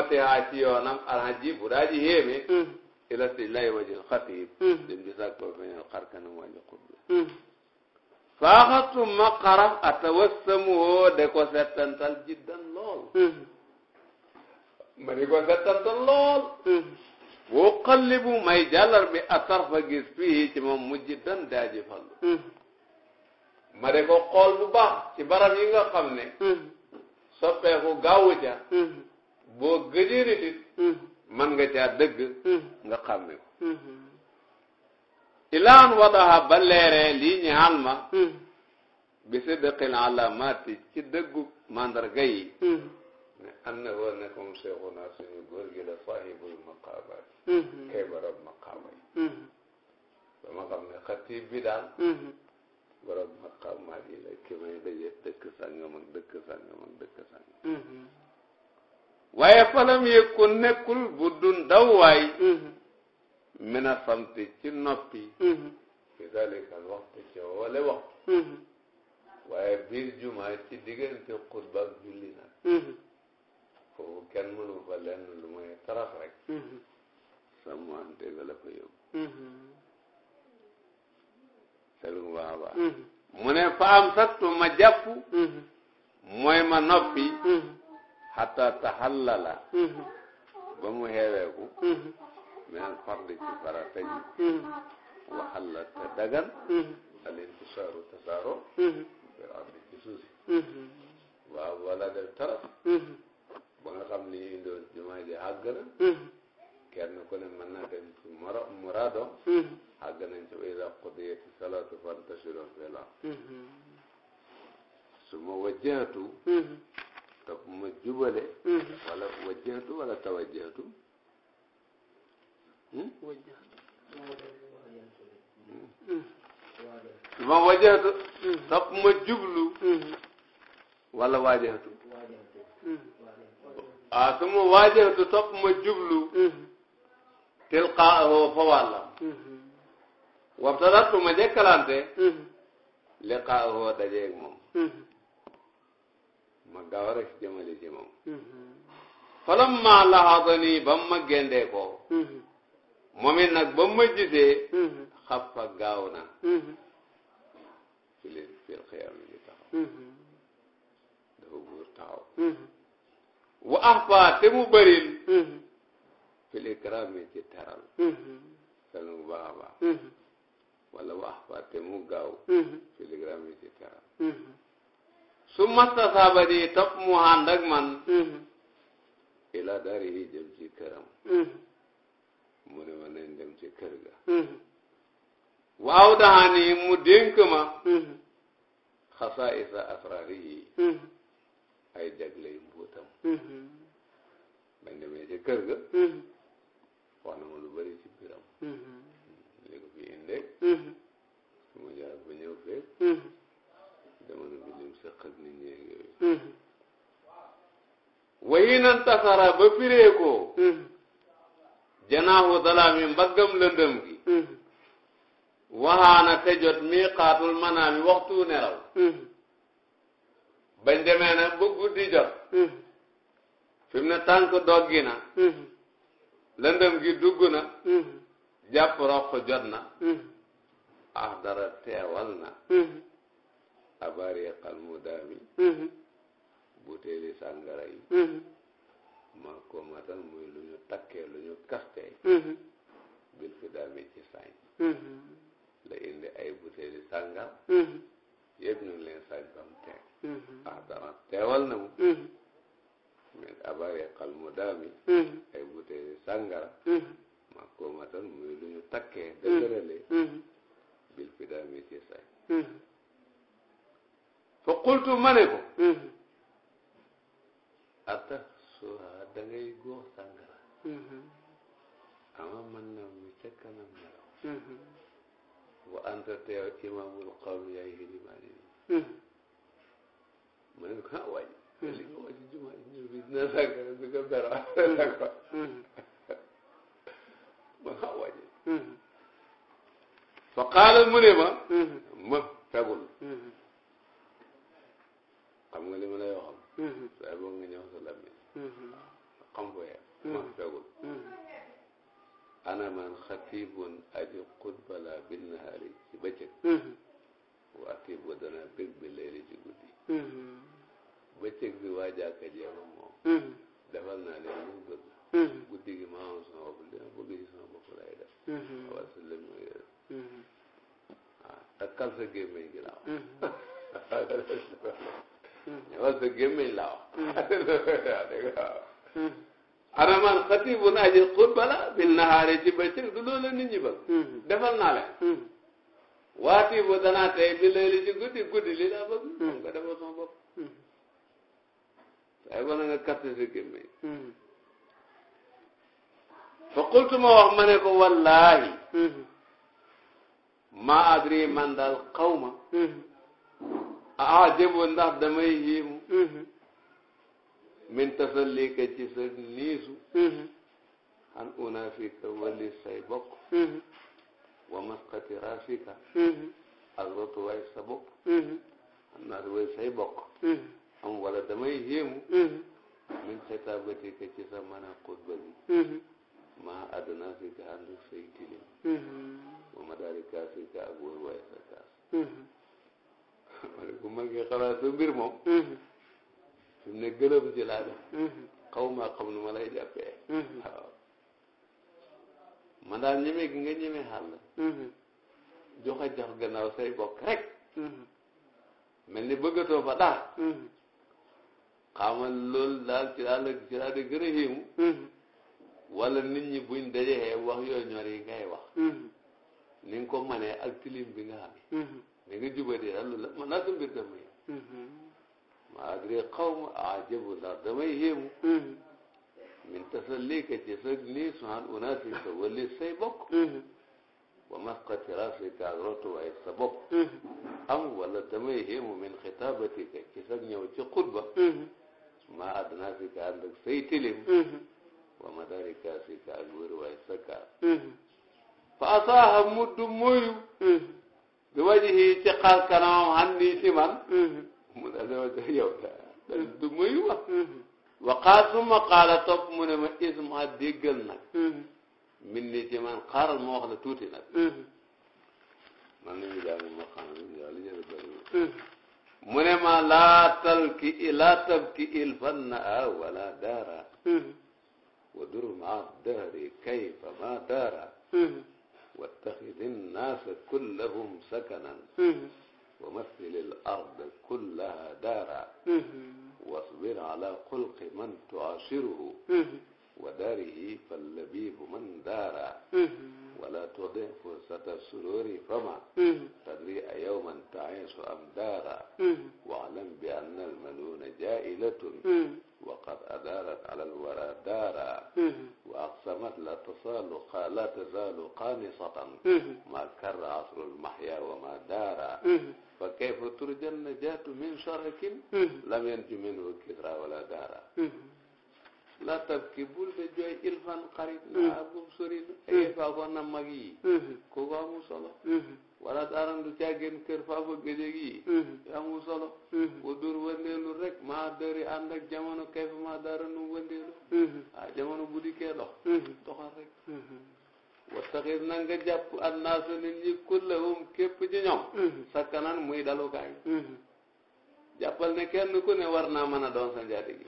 matiha ci yoonam alhajib bu daa ji yéeme mm. ila si lay wajil xatib mm. dem di sàkk ko feñal xar kanam wàññi xut bi mm. faaxatu ma xaraf atawassamuhoo de ko settantal jiddan lool ma di settantal lool woo qallibu may jàllar bi atarfa gis fii ci moom mujj dan daaji fallu ma de ko bu baax ci barab yi nga xam ne soppeeku gaawu boo gëjee man hmm. nga caa dëgg hmm. nga xàmme ko hmm. ilaan wadaha ba leeree lii ma bi sidqil alamati ci dëggu mandarga yi ne anna wa ne comme cheikhuna suñu góor gi la sahibul maqamat kay borom maqama yi ba ma xam ne xatib bi daal borom maqamat yi la ki may daje dëkk sàngam ak dëkk sàngam ak dëkk sàngam waaye falam yëkkun nekkul bu dun daw waay mm-hmm. mina samti ci noppi mm-hmm. fi dalika waxtu ci wale waxtu mm-hmm. waaye biir jumaa ci diggante xutba julli nag foofu kenn mënu fa lenn lu mooy taraf rek sàmmante ga la fa yóbbu mu ne fa am sattu ma jàpp mooy ma noppi xataa taxallala ba mu xeeweeku minal fardi ci farata ji waxalla te dagan alin ci saaru tasaaro fil ardi ci suuf si waaw wala def taras ba nga xam ni ñu doon jumaa ji àgg na kenn ku ne mën naa dem ci moro muraado àgg nañ ci ida qudiyati salaatu fantashiru fil ard su ma wajjahtu topp ma jubale mm-hmm. wala wajjatu wala tawajjatu hmm? mm-hmm. ma wajjatu topp mm-hmm. ma jublu wala waajatu ah su ma topp ma jublu tilqaahu fa wàllam wabtadattu ma jëkkalante liqaahu dajeeg moom ma gaaw rek jëmale ci falamma laxadani ba ma gendee ko moom it nag ba ma gisee xappa gaaw na fil taxaw wa axfa te mu bëril fil ikraam teral sanu bu baax a wa axfa te gaaw fil ikraam ci teral su masta saaba di topp mu ànd ak man mm-hmm. ila dari yi jëm ci këram mm-hmm. mu ne ma nañ dem ci kër ga mm-hmm. waaw daxaani mu dénk ma xasaa isa ay jagley mbuutam bañ demee ci kër ga wax na lu bëri ci biram li ko fi indee su jaar ba ñëw feeg jamono bi lim sëq ak nit ñeeg hmm. wayi nan tasara ba piree ko hmm. janaahu dalaami mbaggam lëndëm gi hmm. waxaana te jot miiqaatul manaami waxtu nelaw bañ demee nag ba guddi jot fi mu ne tànk lëndëm gi dugg na roq jot ah dara teewal abariqal mudaami mm-hmm. buteeli sàngara yi mm-hmm. ma ko matal muy lu ñu takkee lu ñu kaftee mm-hmm. bil fi daami ci sañ la indi ay buteeli sàngara yëpp ñu leen sañ bam teew ah teewal na mu min abariqal mudaami ay buteeli sàngara ma ko matal muy lu ñu takkee dëgërale bil fi daami ci sañ fa qultu ma ne ko mm-hmm. attax suha da ngay góor sàngara mm-hmm. ama man na mi ca kanam nelaw mm-hmm. wa anta teew imaamul qawmi yaay xilimaani ni ma ne ko ah waay li nga wax ci juma ñëw bi dina sàngara bi nga bera d'accord ma ah waay fa qaala mu ne ma ma fegul xanaman xatibun aji xutba la binnahaari ci takkal mhm. mhm. mhm. sa gémmiñ gi xaramaan xatibu naa ji xutba la bil nahaari ci bëccëg du loolu nit ñi hmm. defal naa leen hmm. waati bu danaa tey bi layli ci guddi guddi lii laa bëgg xam hmm. defal sama bopp waaye wala nga katte si gémmiñ fa qultu ma wax ma ko wallaahi maa adri man daal xaw ma a ajabo ndax damay yéemu min tafallika ci sa niisu xan mhm. unafika walis say bokk mhm. wa masqati rafika mhm. ak rotu waay sa bopp xan naatu way say am wala damay yéemu min xitaabatika ci sa mën a xutba bi maa adnafika ànd ak say tilim wa madaari kaasika ak wóor waay sa kaas ma ne bu ma ngi xalaat sa fi mu ne gëlëm ji laa def mm-hmm. xaw nu ma lay jàppee mm-hmm. waaw man daal gi nga ñeme xàll mm-hmm. joxe jox gannaaw say bokk rek mel ni bëggatoo fa dara xamal loolu daal ci laa la ci laa a xéemu wala nit ñi buñ dajee wax yooyu ñor yi ngay wax ni ko manee ak tilim bi nga xam ni nga jubadee daal loolu la man naa sa mbir tam ma agri qawm ajabu ndax damay yéemu mm-hmm. min tasallika mm-hmm. mm-hmm. ci sëg nii su han unaasi sa wëllis say bokk wa masqati rasika ak rotu waay sa bopp am wala damay yéemu min xitaabatika ci sëg ñëw ci xutba ma adnaasika ànd ak say tilim wa madarikaasika ak wër waay sa kaar fa asaaha muddu moyu bi wajihi ci xar kanam han nii ci man mu ne dama def yow la du muy wax waqaa suma qaala topp mu ne ma isma déggal nag min ni ci man xaaral ma wax la tuuti nag man ni ñu jàng ma xam ne yàlla jël bëri mu ne ma laa talki laa tabki il fannaa wala daara wa dur maa dahri kayfa ma daara wattaxidi nnaasa kullahum sakanan wa mathili l-ard kullaha daara wasbir ala xulqi man tuashiruhu wa daarihi fallabibu man daara wala tudi fursata sururi fama tadri a yawman taisu am daara waalam bi anna almanuuna jailatun wa qad adaarat ala alwara daara كانت لا تزال لا تزال قانصة ما كر عصر المحيا وما دار فكيف ترجى النجاة من شرك لم ينج منه كسرى ولا دار la tabki bul de jooy ilfan xarit naa bum sori na ay baaxoon na mag yi ko baamu solo wala daaran du caggeen kër faafa géjég yi amul solo wa dur wëndeelu rek maa dëri ànd ak jamono kay fa maa daaran nu wëndeelu ah jamono bu dikkee dox doxal rek wattaxir na nga jàpp annaasa nit ñi kullahum képp ci ñoom sakkanan muy dalukaay jàppal ne kenn ku ne war naa mën a doon sa njaatige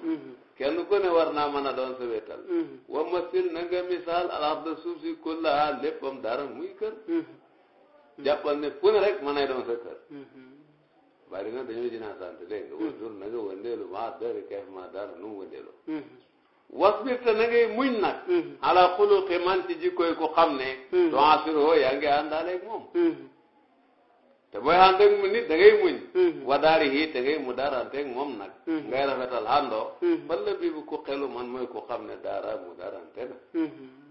kenn ku ne war na mën a doon sa wéttal wa masil na nga misaal al arda suuf si kullaha léppam dara muy kër jàppal ne fu ne rek mën nay doon sa kër. bari na dañoo jënd nga. wala tur na nga wëndeelu maa dara keef maa dara nu mu wëndeelu. wasbir te na ngay muñ nag. ala xuluqi man ci jikkooy ku xam ne. doo asiroo yaa ngi àndaale ak moom. te booy ànd ak mu nit da ngay muñ. wadaari yi te ngay mu daaranteeg moom nag. ngay rafetal àndoo. fan la bii bu ku xelu man mooy ku xam ne daara mu mm-hmm. daarante na.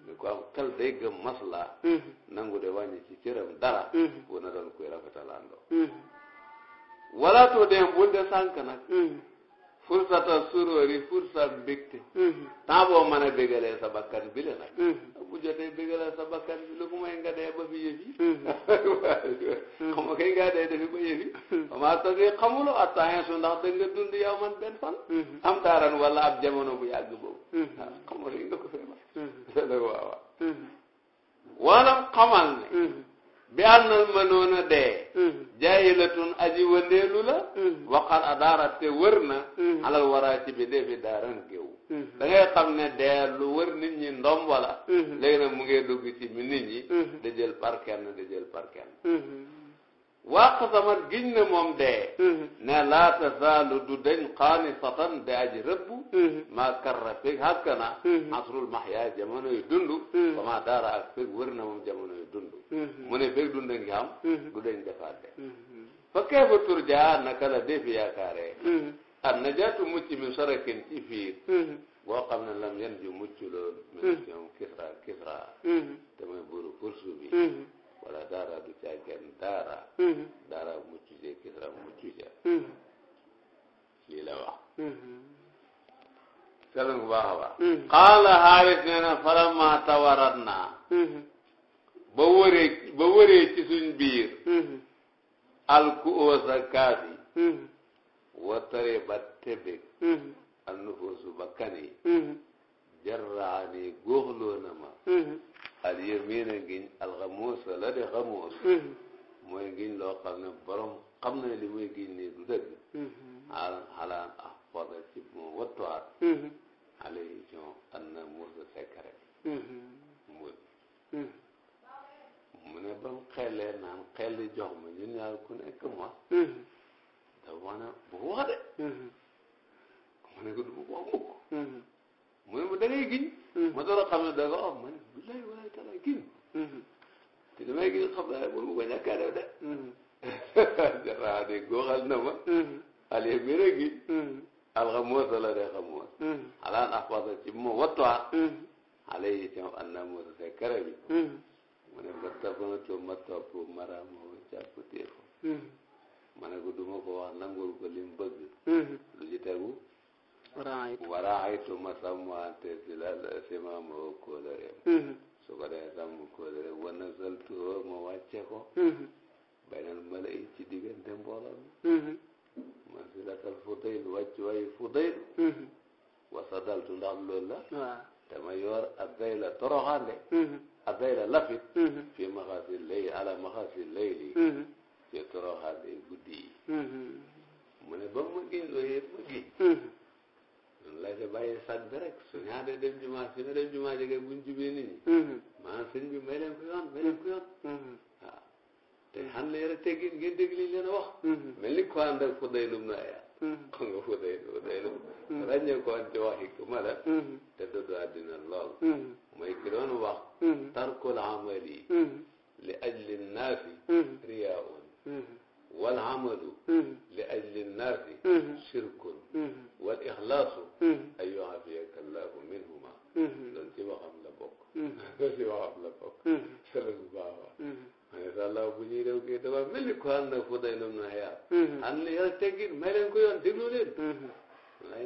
mais ku am xel day gëm maslaa mhm. nangu de wàññi ci cëram dara mhm. bu na doon kuy rafetalaandoo mhm. wala to dem bul de sànk nag fursata suróori fursa mbégte temps boo mën a bégalee sa bakkan bi le nag bu jotee bégalee bakkan bi lu ko may nga dee ba fi yëf yi xam nga kay ba yëf yi amaa toog yi xamuloo attaxen su ndax da nga dund yow man benn fan am taaran wala ab jamono bu yàgg boobu nag waawa walam xamal ne bi annal dee jaahilatun aji wëndeelu la waxal a te wër na alal waraa bi dee bi daaran géew da ngay ne dee lu wër nit ñi ndomb la léegi nag mu ci mi nit ñi da jël par kenn da jël par kenn giñ ne moom dee ne laata zaalu du dañ xaani satan aji rëbbu Mm-hmm. maa karra fekk haskana mm-hmm. asrul mahya jamono yu dund ba mm-hmm. maa daara ak fekk wër na moom jamono yu dund mu ne fekk dund ngi am du deñ defaat de fa kayfa turjaa naka la def yaakaare an najaatu mucc min sarakin ci fiir boo xam ne lam yan ju mucc lool min ñoom kisra kisra te mooy buuru fursu bi wala daara du caagen daara daara mucc je kisra mucc ja lii la wax seetlu ko baax a baax hmm. xaala xaalis nee na falamma tawarat naa hmm. ba wëree ba wëree ci suñ biir hmm. alkuosa kaas yi watare ba tebeg annufoosu ba kan yi jarraani góoxloo na ma al yamina ngiñ alxamuusa la de xamuus mooy ngiñ loo xam ne borom xam na li muy giñ ne du dëgg xalan xalaan ah wala ci mhm. bu ma wëttuwaat. Mhm. Mhm. mu ne ba mu xeelee naan xel di ma ñun ku nekk mu ne bu ko wax de. mu ne ko du ko wax mukk. mu ne ma da ngay giñ. ma door a xam ne da nga wax ma ne billahi walaay tala giñ. te damay giñ xam naa ne bu ko ñàkkee def de. jaraa de góoxal na ma. xale yi gën a alxamuusa la de xamuus mm. alaan axfasa ci mu wattuwaat xale mm. yi ci annamuusa se karabi mm. mu ne ma topp ma topp ma raamu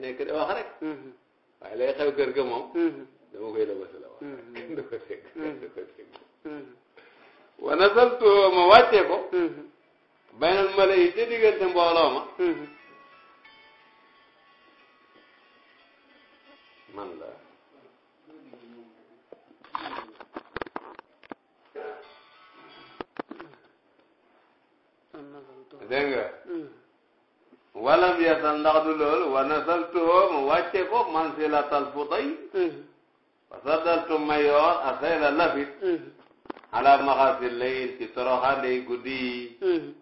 nekk di wax rek mm-hmm. waaye xew kër ga moom mm-hmm. dama mm-hmm. ma wàcce baynal mala yi ca diggante mbooloo ma man la dégg walam yasal ndax du loolu wa nasaltuhoo ma wàcce ko mansilatal futay mm-hmm. wa saddaltu ma yoor a lafit mm-hmm. ala maxasil layin ci toroxandey guddi yi mm-hmm.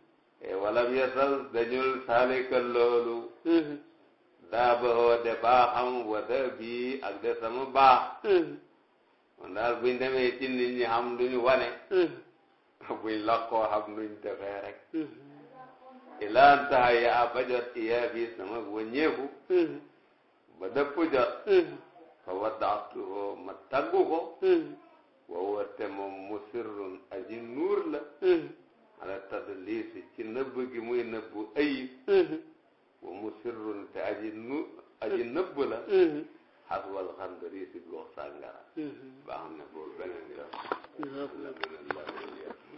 e walam yasal dañul saalika loolu daa bahoo de baaxam wa da bii ak de sama baax kon ci nit ñi xam wane buñ lakkoo xam luñ defee rek ilaa ntahaya ba jot iyaa fi sama wëññeeku ba dëpp jot fa waddaatu ko ma taggu ko woowa te moom musirrun aji nuur la ala tadliisi ci nëbb gi muy nëbb ayib wa musirrun te aji nu aji nëbb la xas wal xandari si gox sàngara baax na boobu beneen yoon